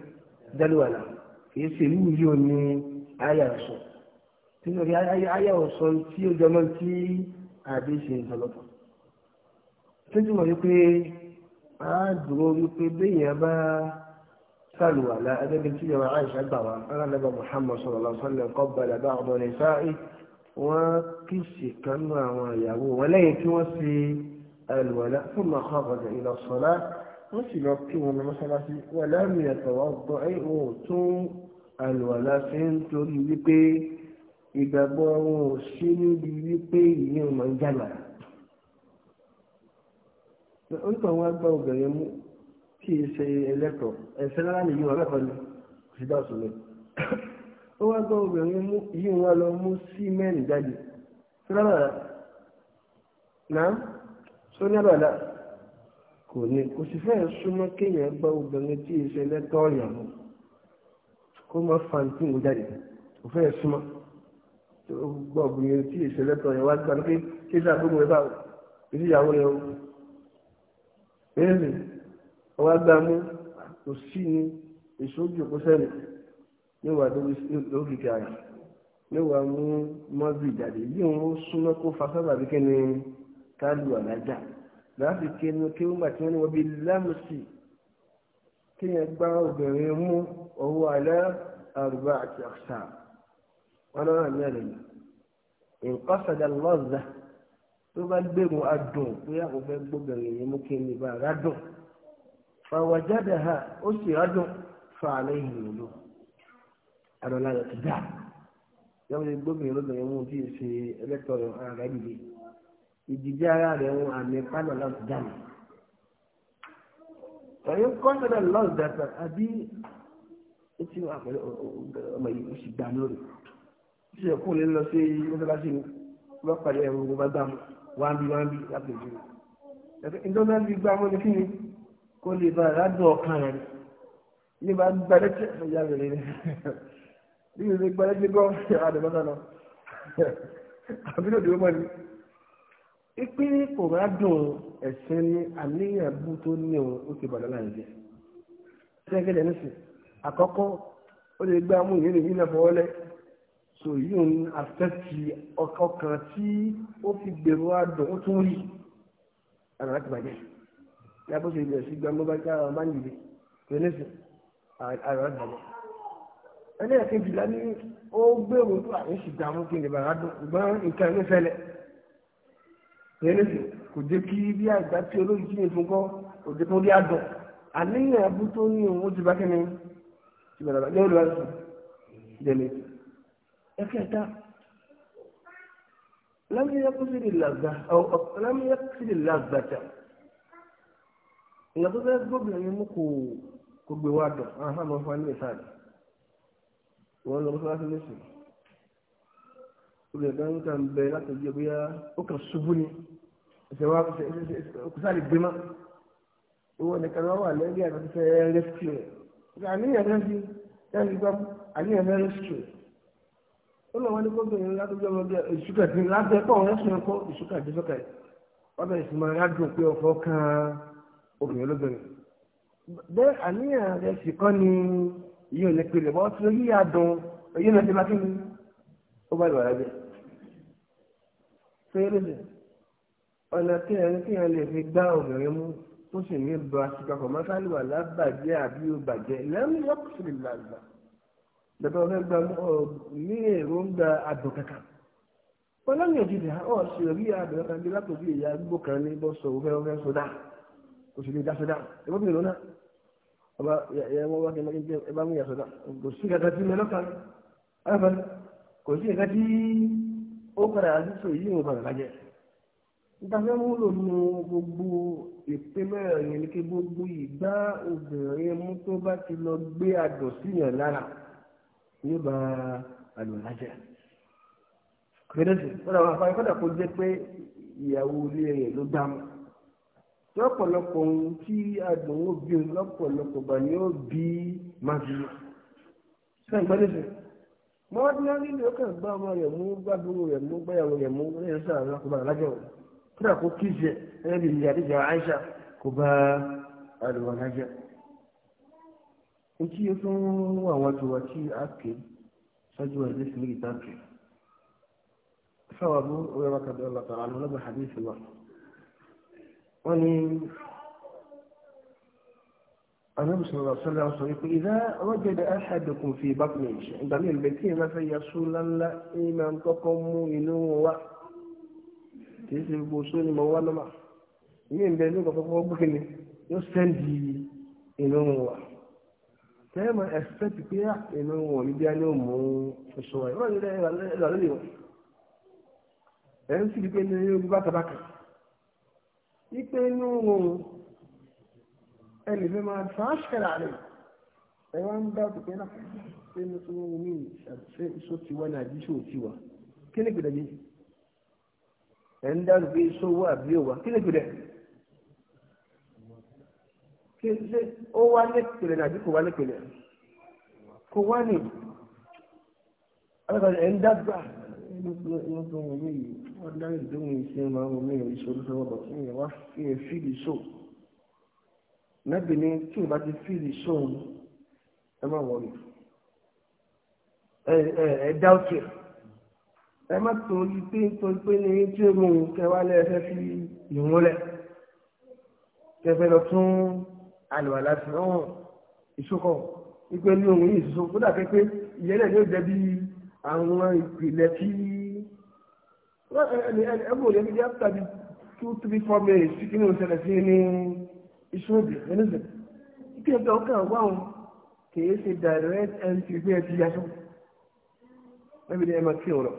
dálúwàlà kì í ṣe ìlú yìí ò ní àyà ọ̀sán tí ó rí àyà ọ̀sán tí ó jọmọ́ tí àdé ṣe ìtọ́lọ́tọ̀ tó túmọ̀ wípé a dúró wípé béèyàn bá sálùwàlá ẹgbẹ́ bí tí yọrọ àìsà gbà wá alálẹ́bà Muhammad sallallahu alaihi wasallam qabbala ba'd nisa'i wọ́n kì í sì kánú àwọn ìyàwó wọn lẹ́yìn tí wọ́n ṣe àlùwàlá fún màkàbọ̀dà ila salah wọ́n sì lọ kí wọn mọ́sálásí wọ́n lẹ́mìí ẹ̀tọ́wọ́ gbọ́ ẹ̀ ò tún àlùwàlá ṣe ń torí wípé ìgbàgbọ́ wọn ò sí níbi wípé ìyẹn ò máa ń jàlá. ó ń tọ́ wọn gbọ́ obìnrin mú kí n ṣe ẹlẹ́tọ̀ ẹ̀sẹ̀ lára nìyí wọn lẹ́kọ̀ọ́ ni kò sí dáàsù lẹ̀. ó wá gbọ́ obìnrin yìí wọn lọ mú sí mẹ́rin jáde sọ́nà náà sọ́nà bàdà kò ní kò sì fẹ́ súnmọ́ kéèyàn gbọ́ obìnrin tí ìṣe ẹlẹ́tọ̀ ọ̀yàn mú kó má fàǹtì wò jáde kò fẹ́ súnmọ́ gbọ́ obìnrin tí ìṣe ẹlẹ́tọ̀ ọ̀yàn wá gbà pé kí sáà gbogbo ọwọ́ agbámú kò sí ni èso ojú òkú sẹ́nu yóò wà lórí ìjà rẹ̀ yóò wà mú mọ́bì jáde bí òun ó súnmọ́ kó fa sábà bí kẹ́ni kálù àlájà láti kẹnu kí wọ́n gbà tí wọ́n ní wọ́n bí lámùsì kéèyàn gbá obìnrin mú ọwọ́ alẹ́ àrùbá àti ọ̀sà wọn náà ní ẹ̀rẹ̀ yìí nǹkan sọ̀dọ̀ lọ́ọ̀zà tó bá gbẹ̀rù adùn bóyá òun fẹ́ gbóbìnrin yìí mú kí n bá a rádùn fàwọ̀jáde ha ó sì ọdún fàálẹ̀ ìlú àdọ́lá rẹ̀ ti dà yọ̀wọ́n lè gbóbìnrin lóbìnrin wọn tí ì ṣe ẹlẹ́tọ̀ ara rẹ̀ dìde ìdìde ara rẹ̀ wọn àmì pálọ̀ láti dà mí. ẹ̀yin kọ́ńtàdà lọ́ọ̀sì dàtà àbí ó ti wà pẹ̀lú ọmọ yìí ó sì gbà lórí ó sì kún lè lọ sí mọ́tàlásí mi lọ́pàá ẹ̀rọ gbogbo bá gbà mọ́ wá bí láti ìdúró. ẹ̀fẹ̀ kó lè bá aládùn ọkàn rẹ̀ ní bá gbadẹ́tì ìyá rẹ̀ rẹ̀ ní ìwé gbadẹ́tì gọ́ọ̀fì àdìmọ́tà lọ àbí lòdì ọmọ ni ipe kò bá dùn ẹ̀sìn ní àníyàn bú tó ní òun ó ti bàdá láì jẹ sẹ́gẹ́dẹ̀ nísìn àkọ́kọ́ ó lè gbá mú ìyẹn nìyí náà fọwọ́lẹ́ so yìí ń afẹ́tì ọkọ̀ kan tí ó fi gbèrú àdùn ó tún rí àgbàlagbà jẹ́ yàtọ̀ sí ilẹ̀ sí gbàgbọ́ bá ká àwọn báńkì yìí pẹ̀lẹ́sì àrà dàgbà. ẹni ẹ̀kejì lá ní ó gbèrò tó àyè sì dààmú kí nìbà rà dùn ṣùgbọ́n nǹkan ẹ̀mí fẹ́lẹ̀ pẹ̀lẹ́sì kò jẹ́ kí bí àgbà tí olóyìn tí yẹn fún kọ́ kò jẹ́ kó rí àdùn àníyàn abú tó ní òun ti bá kẹ́ni ti bàdàbà ní olùwà sùn dẹ̀lẹ̀ ẹ̀kẹta lámúyẹ́kùsílẹ̀ làgbàtà ìyàn tó fẹ́ gbóbìnrin mú kò kò gbé wa dùn àwọn afáàmọ́ fún ẹni ìsáàdì wọ́n lọ mọ́sálásí lóṣù olùyọ̀dá ń kà ń bẹ láti ojú ọbẹ̀ yá ó kàn ṣubú ni ẹsẹ̀ wa kò sáré gbé má owó nìkan wá wà lẹ́yìn àti fẹ́ rẹ́síkìú rẹ̀ àníyàn fẹ́ fi yá ní gbọ́ àníyàn fẹ́ rẹ́síkìú rẹ̀ ó lọ wọn ní kó bẹ̀rẹ̀ láti ojú ọbẹ̀ ìṣúkàdín lábẹ́ pọ̀ rẹ́síkìú rẹ̀ kọ́ ìṣúkàdín sọ́kà ọ̀dọ̀ ìsìnmọ̀ rádùn pé ọ̀fọ̀ kan obìnrin olóbìnrin bẹ́ẹ̀ àníyàn rẹ̀ sì kọ́ ni yìí ò ní pèlè bọ́ sí orí adùn èyí náà ti máa kí ni ó bá ìwà rẹ̀ jẹ́ ṣé lóde ọ̀nà tí ẹni tí ẹni lè fi gbá obìnrin mú tó sì ní ba sikakọ̀ mọ́sálíwà lábàjẹ́ àbí ó bàjẹ́ lẹ́nu lọ́kùsùlì làgbà bẹ̀rẹ̀ ọ̀fẹ́ gba ní èròǹgbà adùn kankan ọlọ́run ìjìnlẹ̀ ọ̀ sí orí adùn kankan bí látòbí ìyá gbó kan ní bọ́sọ̀ òfẹ́ òfẹ́ sọdá òṣèlú dá sọdá ẹgbẹ́ bí lónà ọba ẹ wọ́n wá kẹmọ́ ẹgbẹ́ ẹ bá mú yà sọdá kò sí kàkà tí mẹ́lọ́ kan ẹ̀fọn kò sí kàkà tí ó padà sísọ yìí wọn padà lájẹ. nítaṣẹ́ mú lò nù gbogbo èpè mẹ́rin ní kí gbogbo ìgbà obìnrin mú tó bá ti lọ gbé àdùn síyàn lára ní bá àdùn lájẹ. kò yẹ lọ́sẹ̀ kọ́dà wọn àfáyé kọ́dà kó jẹ́ pé ìyàwó ilé rẹ̀ ló dá mọ́ lọ́pọ̀lọpọ̀ ohun tí adùn òbí lọ́pọ̀lọpọ̀ bá ní ó bí màdùnú sẹ́yìn gbọ́dọ̀ sí. mọ́ ordinary ló kàn gbá ọmọ rẹ̀ mú gbàdúró rẹ̀ mú gbáyàwó rẹ̀ mú ẹ̀yẹ sáà lọ́kọ̀ bá alájọ wọn kódà kó kí jẹ ẹ̀yẹ bí ìyá àdéjà Aisha kò bá adùn alájọ. etí o tún àwọn tó wá tí a kè ṣáájú wa ilé sinmi ìta kè. sáwà bú ọ̀rẹ́ wa wọ́n ní anabi sọ̀rọ̀ sọ́lá sọ wípé ìdá rọ́jẹ̀dẹ̀ ahadakum fi batnihi ìgbà mi ìgbẹ́ tí ìmá fẹ́ yasú lánlá ní máa ń kọ́kọ́ mú inú wa kì í ṣe gbogbo só ni mo wá lọ́mà ìyẹn ìgbẹ́ ní kọ́kọ́ kọ́kọ́ gbé ni yóò sẹ́ndì inú wa tẹ́lẹ̀ mọ́ ẹ̀sẹ̀tì pé ah, inú wọn níbi á ní ò mú oṣù wa ìwọ́n ní ẹ̀rọ lórí wọn ẹ̀ ń sì wípé inú ẹlẹ́fẹ́ máa fàáṣẹ̀rà rẹ̀ ẹ wá ń dá òkè náà ṣé ní sọ wọn ní ṣe iṣó tiwa ní àjíṣe òtiwa kí ni gbèdé yìí ẹ ń dá òkè iṣó wà àbí òwà kí ni gbèdé kí ṣe ó wá lẹ́pẹ̀lẹ̀ ní àbí kò wá lẹ́pẹ̀lẹ̀ kò wá ní ẹ ń dá gbà ẹ ń sọ wọn ní yìí wallahi domin sai ma mu mai iso da ba tun ya wa fi fili so na bini tí o bá ti fili so ẹ má wọlé ẹ ẹ ẹ dá òkè ẹ má torí pé torí pé ní tí o mú un kẹwàá lẹ fẹ fi ìmúlẹ kẹfẹ lọ tún àlùwàlá sí ọhún ìṣókọ ìpẹlú ohun yìí ìṣókò kódà pé pé ẹgbẹ́ òde ẹgbẹ́ after the two three four minutes kí ni o ṣẹlẹ̀ sí ní iṣu òde ẹnìṣẹ́ kí ẹgbẹ́ ọkàn wà wọn kìí ṣe direct entry bí ẹ ti yasọ ẹbí ni ẹ máa kí ọ̀rọ̀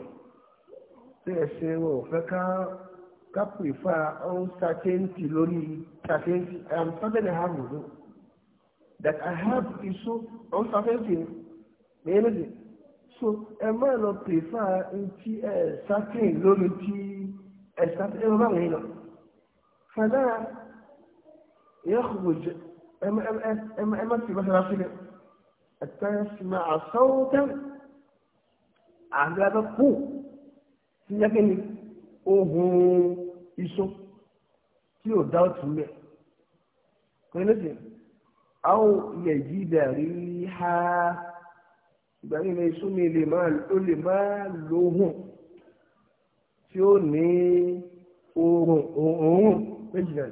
bí ẹ ṣe wọn ò fẹ́ ká ká pèfà uncertainty lórí certainty I am certain I have to do that I have issue uncertainty ní ẹnìṣẹ́ so ẹ má lọ pèfà ntí ẹ sátìn lórí tí ẹ sátìn ẹ má bá wọ̀nyí lọ fàdà yàgò jẹ ẹ má ẹ má ẹ má fi bàtà láti lẹ ẹtà sùnmà àsọwọtẹ àgbàdo kù tí yàgò ni ohun iṣu tí ò dá òtún bẹ kò ní àwọn yẹ jí bẹ ha ìgbà yìí ni súnmi lè máa ó lè máa lóhùn tí ó ní oorun oorun méjì náà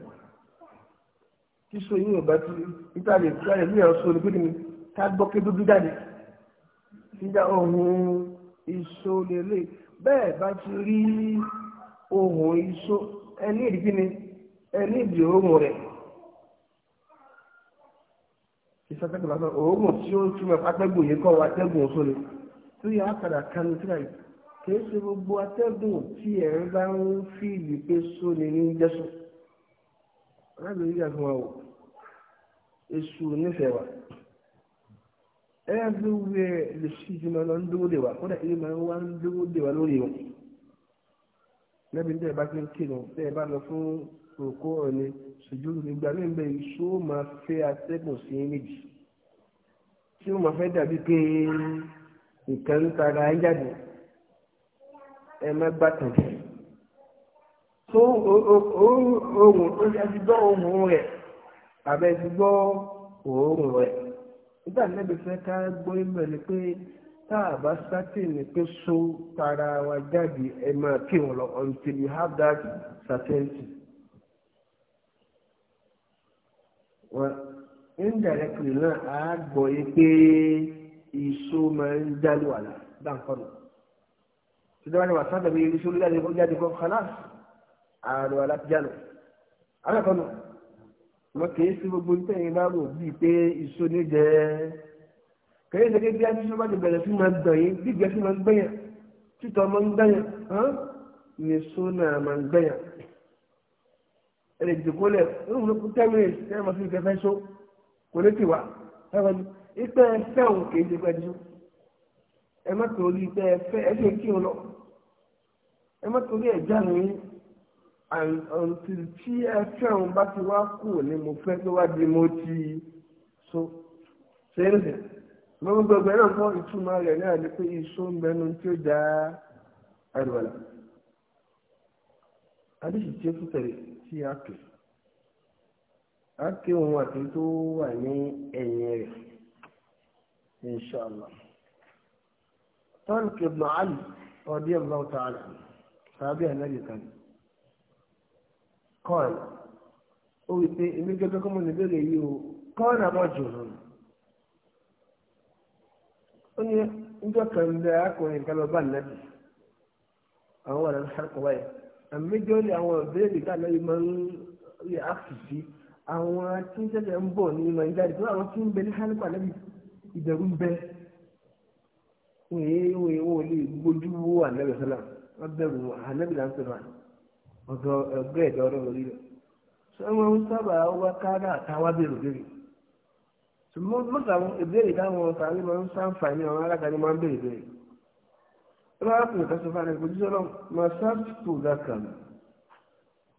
tí so yìí ò bá ti níta lè tí wàá yàn so ní pínpín ká gbọ́ pé dúdú jáde nígbà ohun iṣó lélẹ̀ bẹ́ẹ̀ bá ti rí ohun iṣó ẹni ìdí kí ni ẹni ìdí oorun rẹ̀. ìsọtẹ́gùn lásán òógùn tí ó túmọ̀ atẹ́gùn yìí kọ́ atẹ́gùn òṣò ni tó yẹ àkàdà kanu síra yìí kì í ṣe gbogbo atẹ́gùn tí ẹ̀ ń bá ń fi ìlú pé só ni ní jẹ́sùn láti rí àfihàn wa o èṣù nífẹ̀ẹ́ wa everywhere lè ṣí ìjìnà lọ ń dúró dè wá kódà èyí máa ń wá ń dúró dè wá lórí wọn lẹ́bi ní ẹ̀bá tí ń kírun tẹ́ ẹ bá lọ fún òkú ọ̀ni ṣùjú nígbà mí bẹ́ẹ̀ iṣu máa fẹ́ atẹ́gùn sí méjì tí ó máa fẹ́ dàbí pé ìkànnì tara ẹ jáde ẹ má gbàtàn tó ohun ẹ ti gbọ́ ohun rẹ̀ àbẹ̀ ti gbọ́ òórùn rẹ̀ nígbà níbi fẹ́ ká gbọ́ ibẹ̀ ni pé tá a bá sátì pé so tara wa jáde ẹ máa kí wọn lọ until you have that certainty indirectly náà á gbọ́ yé pé ìṣó máa ń dálé wàhálà bá ń kọ́nù ṣùgbọ́n ní wàhálà sábà bí ìṣó jáde kó jáde kó kálás àrùn wàhálà ti jáde alákọ̀ọ́nù mo kìí sí gbogbo ní tẹ̀yìn bá rò bíi pé ìṣó ní jẹ́ kìí ṣe pé bí a ti ṣó bá ti bẹ̀rẹ̀ sí máa gbọ̀n bí ìgbẹ́ sí máa ń títọ́ máa ń ní ìṣó náà máa ń gbẹ̀yàn ẹ̀rẹ̀ ìdìkólẹ̀ ó ń lókun tẹ́mìnì tẹ́mìnì kò lè ti wà ẹ̀rọ ni ipe ẹfẹ́ òun kì í ṣe pẹ́ ju ẹ má torí ipe ẹfẹ́ ẹ ṣe kí n lọ ẹ má torí ẹ̀ jáde yín until tí ẹfẹ́ òun bá ti wá kù ni mo fẹ́ tó wá di mo ti so ṣe é nìyẹn mo gbogbo ẹ̀rọ fún ìtumọ̀ rẹ̀ náà ni pé iṣó ń bẹnu tí ó já àdùbàlà adéṣì tí ó tún tẹ̀lé tí a kè á kí òun àti tó wà ní ẹ̀yìn rẹ̀ inṣàlá. tọ́lùkì ibn ali ọdí allah ta'ala sàbí ànábì kan kọ́ọ̀n ó wí pé èmi gẹ́gẹ́ kọ́ mọ́ níbẹ̀rẹ̀ yìí o kọ́ọ̀n àbọ̀jù rẹ̀ ó ní njọ́ kan bẹ akọrin kan lọ bá nàbì àwọn wà lọ́nà sàkọ́wáyé àmì méjì ó ní àwọn ìbéèrè ká lọ́yìn máa ń rí àkùsí. àwọn tí ṣẹ̀ṣẹ̀ ń bọ̀ ní ìmọ̀ ìjáde tó àwọn tí ń bẹ ní hálùkù ànábì ìbẹ̀rù ń bẹ wọ́n yé wọ́n lè gbójú wó ànábì sọ́lá wọ́n bẹ̀rù ànábì là ń sọ̀rọ̀ ọ̀dọ̀ ẹgbẹ́ ẹ̀dọ́ ọ̀rọ̀ lórí rẹ̀ ń sábà wá káàdà àtàwá bèrè ìbéèrè táwọn máa ń àwọn máa ń bèrè bèrè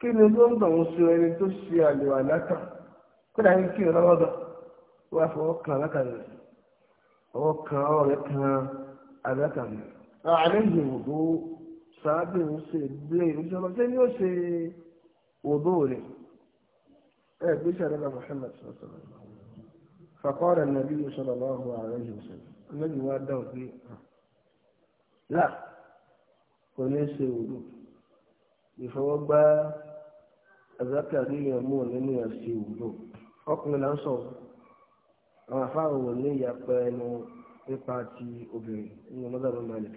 kí ni ló ń tọ̀hún sọ ẹni tó ṣe àlèwà látà kódà yín kí ọ̀rọ̀ lọ́dọ̀ wọ́n fọwọ́ kan látà ọwọ́ kan ọ̀rẹ́ kan àlátà rẹ̀ àárín sáábì ń ṣe ìdílé ìṣọlọ ṣé ni ó ṣe òdó rẹ̀ ẹ bí sàdọ́gà Muhammad sọ̀rọ̀ fàkọ́rẹ̀ nàbí ìṣọlọ lọ́wọ́ ààrẹ yìí wá kò ní ṣe ìfọwọ́gbá àzákàrí yẹn mú nínú ẹ̀sì òwúrò ọkùnrin là ń sọ àwọn afáàrò wò ní ìyàpẹ ẹnu nípa ti obìnrin nínú mọ́tàbí malik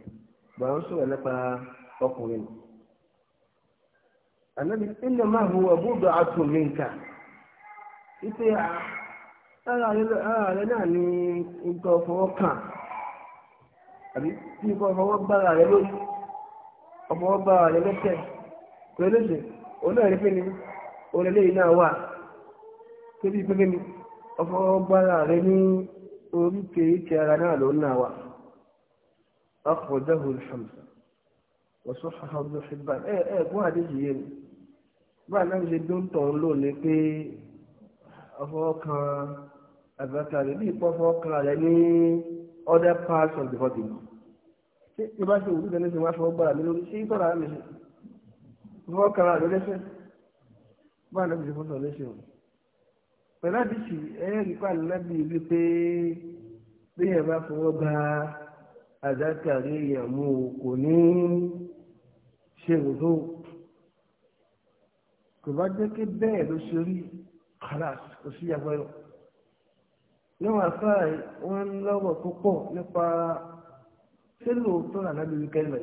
gbà ń sọ̀rọ̀ nípa ọkùnrin nù. ànábi ilé máa hu ọgbọ́dọ̀ àtúnmíǹkà ìpè ara rẹ náà ní nǹkan ọ̀fọwọ́ kàn àbí tí nǹkan ọ̀fọwọ́ bára rẹ lórí ọ̀fọwọ́ bára rẹ lẹ́tẹ̀ pẹ̀lú ìṣe òun náà rí pé nínú olólè náà wà torí pé kíni ọfọwọ́gbára rẹ ní oríkèé ti ara náà ló náà wà ọkọ̀dọ́hùn ṣàmùsà wọ́sọ́ ṣàhàbùdó ṣìgbà ẹ̀ ẹ̀ bọ́ àdéjì yẹn bá náà ṣe dún tọ̀ ń lò ní pé ọfọwọ́kan àgbàkà rẹ bí ìpọ́fọ́kan rẹ ní other parts of the body ṣé ìbáṣe òwúrọ̀ ní ṣe wá fọwọ́gbára mi lórí ṣé ìtọ́ra mi ṣe fọwọ́kan rẹ lọ́lẹ́sẹ̀ bá a lọ sí fún sọlẹ́sì o pẹ̀lú àdìsí ẹ̀yẹ́ kíkọ́ àlùlábì wípé bí ẹ̀ bá fọwọ́ bá àdákàrí ìyàmú kò ní ṣe òdó kò bá jẹ́ pé bẹ́ẹ̀ ló ṣe rí kàlàs kò sí àgbẹ̀rọ. níwọ̀n àfáà wọn ń lọ́wọ́ tó pọ̀ nípa sílò tó rà lábẹ́ wíkẹ́ndì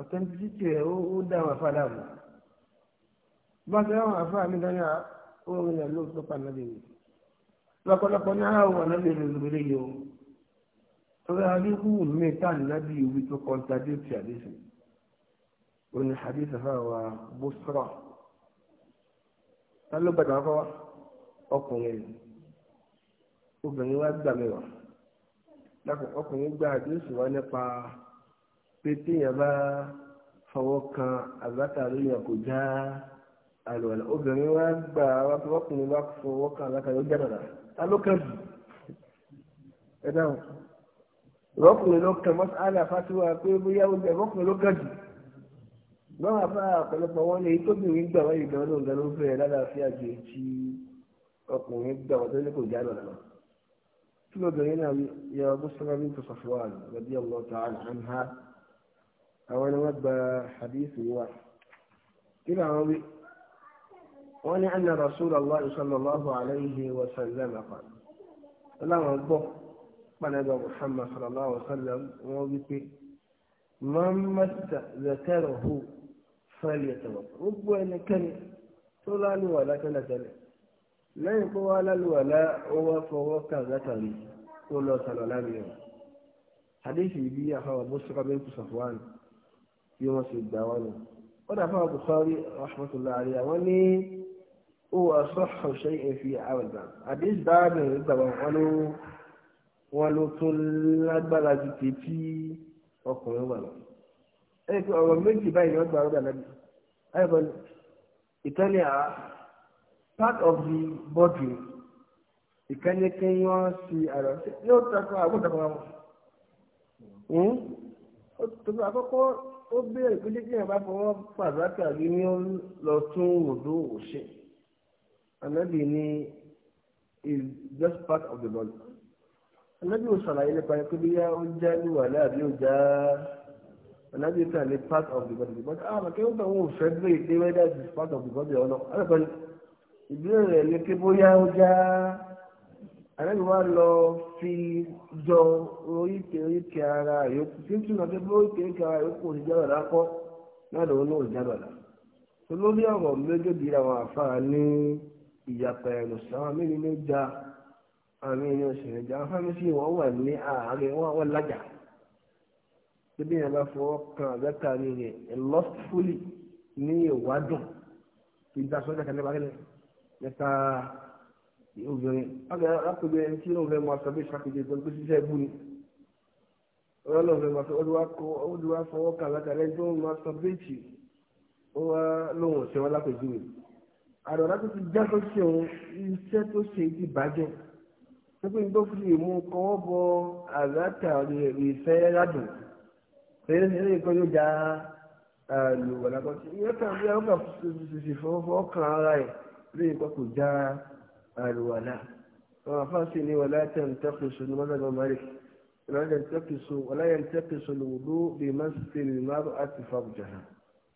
ọ̀tẹ́ntìtì rẹ̀ ó dá àwọn àfáà dáàbò bá ṣe àwọn àfáà mi dáná orin rẹ̀ ló sọ́pà nábì rẹ̀ lọ́pọ̀lọpọ̀ ní ara wà nábì rẹ̀ lórí yìí o torí adékù mi tá nábì ìwé tó kọ́ńtàdé ti àdéṣe ó ní àdéṣe fáwọn bóṣọ́rọ̀ ta ló gbàdá fọwọ́ ọkùnrin rẹ̀ obìnrin wa gbà mí wá lákòókò ọkùnrin gba àdéhùn wa nípa pé téèyàn fọwọ́ kan àgbàtà lóyún ọkọ̀ já àlùwàlà obìnrin wa gbà wọ́kùnrin wa fọwọ́ kan alákàlẹ̀ ó jẹ́ bàbá alókàjù ẹ dáhùn rọ́kùnrin ló kàn mọ́sá aláfásiwá pé bóyá oúnjẹ rọ́kùnrin ló kàn jù lọ́wọ́ afá ọ̀pọ̀lọpọ̀ wọn lè tóbìnrin gbà wáyé gan ló ń gan ló ń fẹ́ lálàáfíà ju etí ọkùnrin gbà wọ́n tó ní kò já lọ́la kí lóbìnrin náà yọ ọdún sọ́nà bí tó sọ̀fọ́ wà lọ́dí ọlọ́ ta wọ́n ní anna Rasulullah sallallahu alayhi wa sallam qala láwọn gbọ́ pàdánù Muhammad sallallahu alayhi wa sallam wọ́n wí pé man massa zakarahu falyatawadda gbogbo ẹnikẹ́ni tó lálùwàlá tẹ́lẹ̀tẹ́lẹ̀ lẹ́yìn kó wá lálùwàlá ó kà látàrí kó lọ هو صح شيء في هذا الباب حديث باب طبعا ولو ولو تلبلا جتي ọkùnrin wà lọ ẹni pé ọ̀rọ̀ méjì báyìí ni wọ́n gba ọ̀rọ̀ àlábì ayọ̀bọ̀n ìkànnì à part of the body ìkànnì kí wọ́n ṣe àrọ̀ ṣe yóò takọ àwọn takọ wọn. tòkè àkọ́kọ́ ó béèrè pé jẹ́jẹ́ yẹn bá fọwọ́ pàdé àtàrí ni ó lọ tún òdo òṣèlú anabi ni is just part of the body anabi ò ṣàlàyé nípa ẹ pé bí yá ó já níwà láàbí ó já anabi kan ní part of the body but ah màkà ó bẹ̀rù òun fẹ́ bẹ́ẹ̀ pé whether is part of the body or not alábẹ́ni ìbéèrè rẹ̀ ni pé bóyá ó já anabi wa lọ fi jọ oríkèé oríkèé ara yòókù tí ó túnbọ̀ pé bóyá oríkèé oríkèé ara yòókù ò sì jẹ́ ọ̀dà kọ́ náà lòun náà ò já lọ́la olórí ọ̀rọ̀ méjèèjì làwọn àfáà ní ìyàpẹ̀ ẹ̀rùsàn àmì nínú ja àmì ní oṣù rẹ̀ já fámi sí wọ́n wà ní ààrẹ wọ́n wọ́n lájà bíbí yẹn bá fọwọ́ kan àgbẹ́ta ní rẹ̀ lọ́fúlì ní ìwádùn kí sọ́jà kan nípa kílẹ̀ nípa obìnrin ọ̀gá alákòóbẹ̀ ẹni tí lóun fẹ́ mọ aṣọ bí ìṣàkóso ìgbọ́n tó ṣiṣẹ́ ibú ni wọ́n lọ́n fẹ́ mọ aṣọ olùwà fọwọ́ kan àgbẹ́ta rẹ̀ wá lóun ọ̀sẹ̀ wọn lápèjúwe àdọ̀lá tó ti já tó ṣe òun iṣẹ́ tó ṣe ti bàjẹ́ pípé tó fi mú kọ́wọ́ bọ àgàtà ìfẹ́ ládùn fèrèsèrè kan yóò já lùwọ̀lá kan tí ìyẹn kan bí i ọkà fòsì fọwọ́ kan ara ẹ̀ lóye kan kò já lùwọ̀lá wọn àfa sí ni wọlé tẹ̀ ń ní mọ́tò ọmọ wọlé tẹ̀ ń tẹ́kùsù bí mọ́sítì àti fàbùjà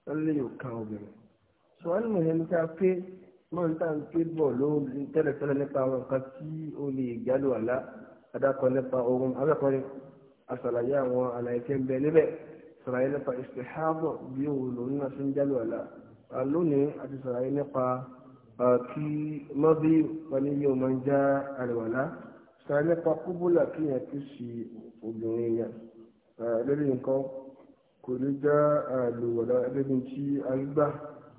wọn lè yóò kan mọ̀ níta ń ké bọ̀ ló tẹ́lẹ̀tẹ́lẹ̀ nípa àwọn nǹkan tí o lè jálò àlá adákọ̀ nípa oorun abẹ́kọ̀rin àṣàlàyé àwọn àlàyé tẹ́ ń bẹ níbẹ̀ ṣàlàyé nípa ìṣèhábọ̀ bí òun lòun náà ṣe ń jálò àlá lónìí àti ṣàlàyé nípa kí mọ́bí wọn yóò ń já àlùwàlá ṣàlàyé nípa kúbúlà kí yẹn kí sí obìnrin yẹn lórí nǹkan kò ní já àlùwàlá ẹgbẹ́ bíi tí a ń gbà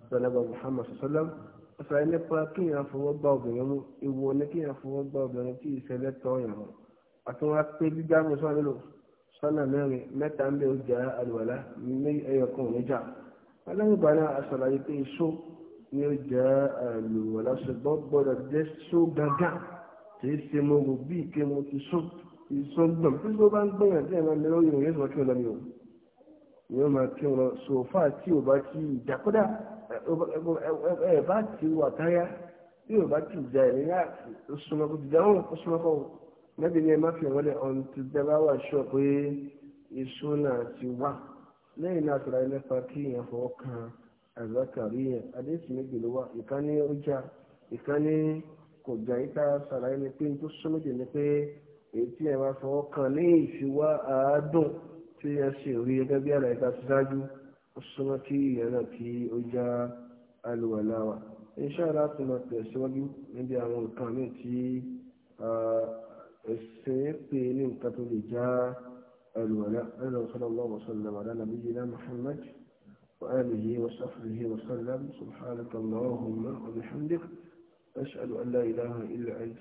sọ̀rọ̀ Muhammad sallallahu sọ̀rọ̀ nípa kéèyàn fọwọ́ gba obìnrin mú èwo ni kéèyàn fọwọ́ gba obìnrin tí ìṣẹ̀lẹ̀ tọ́ yàn mọ́ àti wọn pé gbígbá mu sọ́nà lò sọ́nà mẹ́rin mẹ́ta ń bẹ ọjà àlùwàlá ní ẹyọkan níjà alágbèbá náà aṣàlàyé pé iṣó ní ọjà àlùwàlá ṣùgbọ́n gbọ́dọ̀ jẹ́ só gángan kì í ṣe mo rò bí ìké mo ti só ìṣó gbọ̀n bí ó bá ń gbọ̀yàn tí ò ẹ bá ti wà táyà bí o bá ti jà ẹ yá sọmọkọ ti dáhùn kó sọmọkọ nẹbi ni ẹ má fi wọlé ọ̀n ti dábàá wà sọ pé iṣu náà ti wà lẹ́yìn náà sọ̀rọ̀ ẹ lẹ́fà kí èèyàn fọwọ́ kan àgbàkàrí yẹn adéṣin méjì ló wà ìkànnì ọjà ìkànnì kò jà yíká sọ̀rọ̀ ẹni pé n tó sọ́mọ́jì ni pé èyí tí ẹ máa fọwọ́ kan ní ìfiwá àádùn tí ẹ ṣe rí gẹ́gẹ́ bí àlàyé ta ti ṣáájú súnmọ́ kí ìyẹn náà kí ó já alùwàlá wa iṣẹ́ láti máa tẹ̀síwájú níbi àwọn nǹkan míì tí ẹ̀sìn pè ní nǹkan tó lè já alùwàlá ẹ̀rọ sallallahu wa sallam ala nabiyyina Muhammad wa alihi wa sahbihi wa sallam subhanaka Allahumma wa bihamdik ashhadu an la ilaha illa